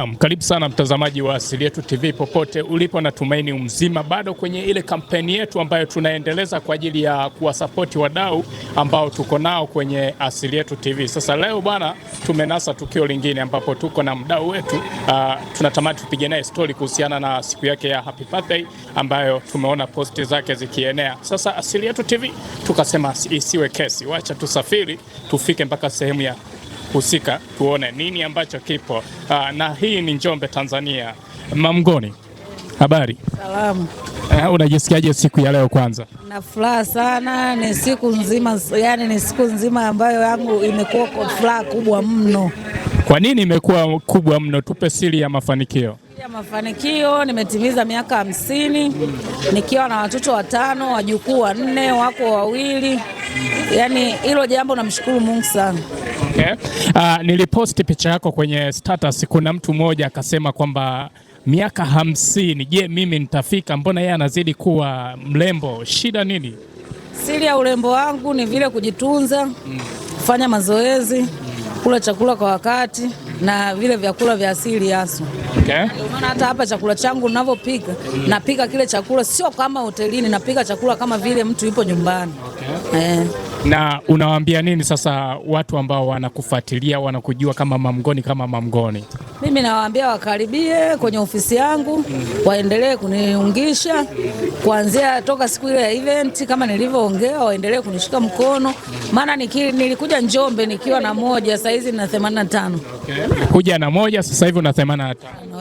Naam, karibu sana mtazamaji wa Asili Yetu TV popote ulipo, natumaini mzima Bado kwenye ile kampeni yetu ambayo tunaendeleza kwa ajili ya kuwasapoti wadau ambao tuko nao kwenye Asili Yetu TV. Sasa leo bwana, tumenasa tukio lingine ambapo tuko na mdau wetu uh, tunatamani tupige naye story kuhusiana na siku yake ya happy birthday ambayo tumeona posti zake zikienea. Sasa Asili Yetu TV tukasema isiwe kesi, wacha tusafiri tufike mpaka sehemu ya husika, tuone nini ambacho kipo. Uh, na hii ni Njombe Tanzania. Mamgoni, habari? Salamu. Uh, unajisikiaje siku ya leo? Kwanza na furaha sana, ni siku nzima, yani ni siku nzima ambayo yangu imekuwa kwa furaha kubwa mno. Kwa nini imekuwa kubwa mno? Tupe siri ya mafanikio ya mafanikio. Nimetimiza miaka hamsini nikiwa na watoto watano, wajukuu wanne, wako wawili, yani hilo jambo namshukuru Mungu sana. Okay. Uh, niliposti picha yako kwenye status, kuna mtu mmoja akasema kwamba miaka hamsini, je, mimi nitafika? Mbona yeye anazidi kuwa mrembo, shida nini? Siri ya urembo wangu ni vile kujitunza, kufanya mazoezi, kula chakula kwa wakati na vile vyakula vya asili hasa. Eh? Okay. hata hapa chakula changu ninavyopika, mm. napika kile chakula sio kama hotelini, napika chakula kama vile mtu yupo nyumbani. Okay. Eh. Na unawaambia nini sasa watu ambao wanakufuatilia wanakujua kama mamgoni kama mamgoni mimi nawaambia wakaribie kwenye ofisi yangu, waendelee kuniungisha kuanzia toka siku ile ya event, kama nilivyoongea, waendelee kunishika mkono, maana nilikuja Njombe nikiwa na moja, sasa hizi na 85. Okay. Kuja na moja sasa hivi na 85.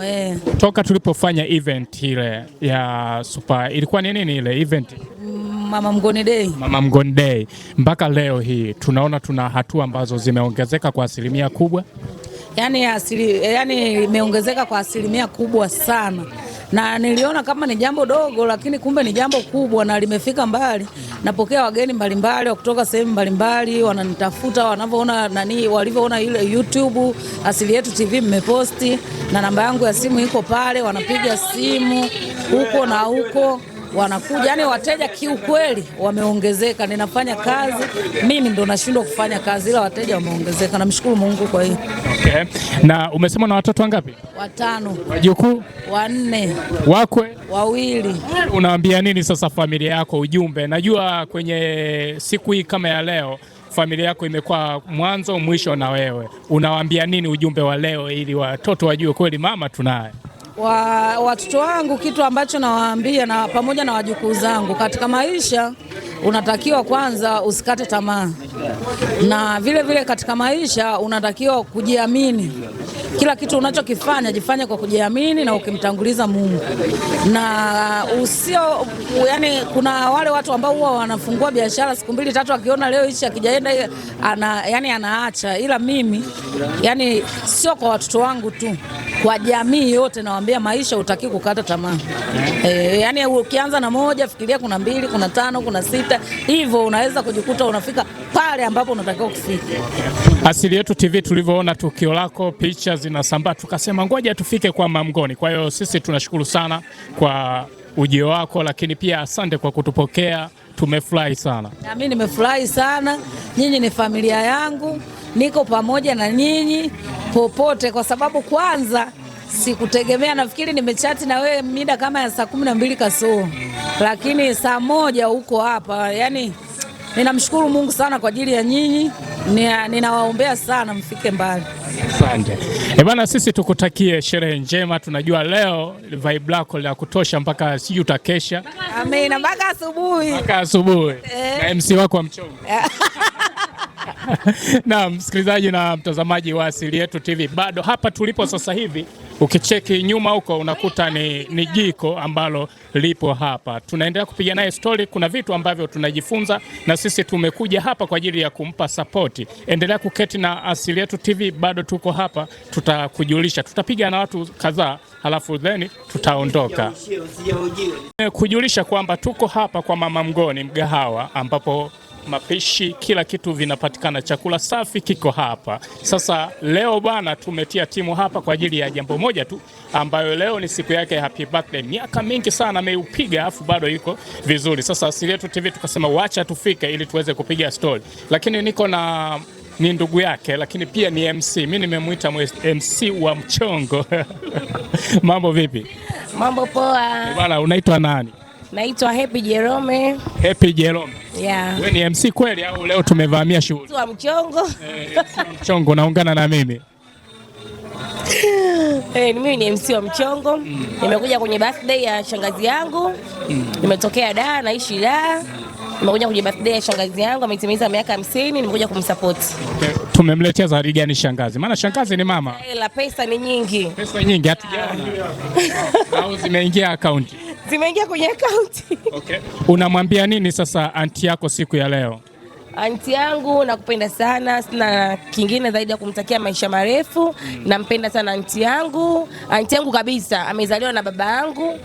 Eh. Toka tulipofanya event ile ya super ilikuwa ni nini ile event? Mm, Mama Mgoni Day. Mama Mgoni Day mpaka leo hii tunaona tuna hatua ambazo zimeongezeka kwa asilimia kubwa yani asili, yani imeongezeka kwa asilimia kubwa sana na niliona kama ni jambo dogo, lakini kumbe ni jambo kubwa na limefika mbali. Napokea wageni mbalimbali wa kutoka sehemu mbalimbali, wananitafuta wanavyoona nani, walivyoona ile YouTube Asili Yetu TV mmeposti, na namba yangu ya simu iko pale, wanapiga simu huko na huko wanakuja, yani wateja kiukweli wameongezeka. Ninafanya kazi mimi ndo nashindwa kufanya kazi, ila wateja wameongezeka, namshukuru Mungu kwa hiyo. Okay. Na umesema na watoto wangapi? Watano. Wajukuu? Wanne. Wakwe? Wawili. Unaambia nini sasa familia yako, ujumbe? Najua kwenye siku hii kama ya leo familia yako imekuwa mwanzo mwisho na wewe, unawaambia nini ujumbe wa leo ili watoto wajue kweli mama tunaye? wa watoto wangu, kitu ambacho nawaambia na pamoja na wajukuu zangu, katika maisha unatakiwa kwanza usikate tamaa, na vile vile katika maisha unatakiwa kujiamini kila kitu unachokifanya jifanye kwa kujiamini na ukimtanguliza Mungu na uh, usio yani, kuna wale watu ambao huwa wanafungua biashara siku mbili tatu, akiona leo hichi akijaenda ana, yani anaacha. Ila mimi yani, sio kwa watoto wangu tu, kwa jamii yote nawaambia, maisha utaki kukata tamaa e, yani ukianza na moja, fikiria kuna mbili, kuna tano, kuna sita, hivyo unaweza kujikuta unafika pale ambapo unatakiwa kufika. Asili Yetu TV tulivyoona tukio lako picha zinasambaa, tukasema ngoja tufike kwa Mamngoni. Kwa hiyo sisi tunashukuru sana kwa ujio wako, lakini pia asante kwa kutupokea, tumefurahi sana. Na mimi nimefurahi sana, nyinyi ni familia yangu, niko pamoja na nyinyi popote, kwa sababu kwanza sikutegemea. Nafikiri nimechati na wewe mida kama ya saa kumi na mbili kasoo lakini saa moja huko hapa. Yani ninamshukuru Mungu sana kwa ajili ya nyinyi ninawaombea sana mfike mbali. Asante ebana, eh, sisi tukutakie sherehe njema. Tunajua leo vibe lako la kutosha, mpaka sijui utakesha. Amina, mpaka asubuhi, mpaka asubuhi eh. na MC wako wa mchongo Naam, msikilizaji na mtazamaji wa Asili Yetu TV, bado hapa tulipo sasa hivi, ukicheki nyuma huko unakuta ni, ni jiko ambalo lipo hapa. Tunaendelea kupiga naye stori, kuna vitu ambavyo tunajifunza na sisi tumekuja hapa kwa ajili ya kumpa sapoti. Endelea kuketi na Asili Yetu TV, bado tuko hapa, tutakujulisha, tutapiga na watu kadhaa halafu then tutaondoka kujulisha kwamba tuko hapa kwa Mama mgoni mgahawa ambapo mapishi, kila kitu vinapatikana, chakula safi kiko hapa. Sasa leo bana, tumetia timu hapa kwa ajili ya jambo moja tu, ambayo leo ni siku yake happy birthday. Miaka mingi sana ameupiga, afu bado yuko vizuri. Sasa Asili Yetu TV tukasema wacha tufike ili tuweze kupiga story, lakini niko na ni ndugu yake lakini pia ni MC. Mimi nimemwita MC wa mchongo mambo vipi? Mambo poa bwana, unaitwa nani? Naitwa Happy Jerome. Happy Jerome. Yeah. Wewe ni MC kweli au leo tumevamia shughuli? Wa mchongo. Eh, mchongo naungana na mimi. Hey, eh, mimi ni MC wa mchongo mm. Nimekuja kwenye birthday ya shangazi yangu mm. Nimetokea Dar, naishi Dar. Nimekuja kwenye birthday ya shangazi yangu ametimiza miaka 50, nimekuja kumsupport. Okay. Tumemletea zawadi gani shangazi? Maana shangazi ni mama. Hela, eh, pesa ni nyingi. Pesa nyingi hatujaona. Ah. Au zimeingia akaunti zimeingia kwenye akaunti. Okay. Unamwambia nini sasa anti yako siku ya leo? Anti yangu nakupenda sana, sina kingine zaidi ya kumtakia maisha marefu. Hmm. Nampenda sana anti yangu, anti yangu kabisa, amezaliwa na baba yangu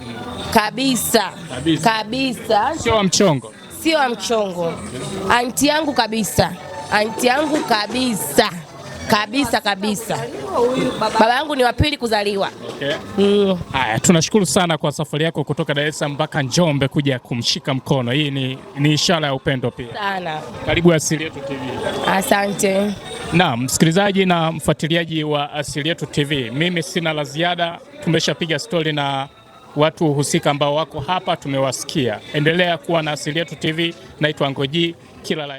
kabisa kabisa, kabisa. Sio wa mchongo, sio wa mchongo, anti yangu kabisa, anti yangu kabisa kabisa kabisa. Baba yangu ni wa pili kuzaliwa. Okay. Mm. tunashukuru sana kwa safari yako kutoka Dar es Salaam mpaka Njombe kuja kumshika mkono. Hii ni, ni ishara ya upendo pia sana. Karibu Asili Yetu TV. Asante. Naam, msikilizaji na mfuatiliaji wa Asili Yetu TV, mimi sina la ziada. Tumeshapiga stori na watu husika ambao wako hapa, tumewasikia. Endelea kuwa na Asili Yetu TV. Naitwa Ngoji, kila la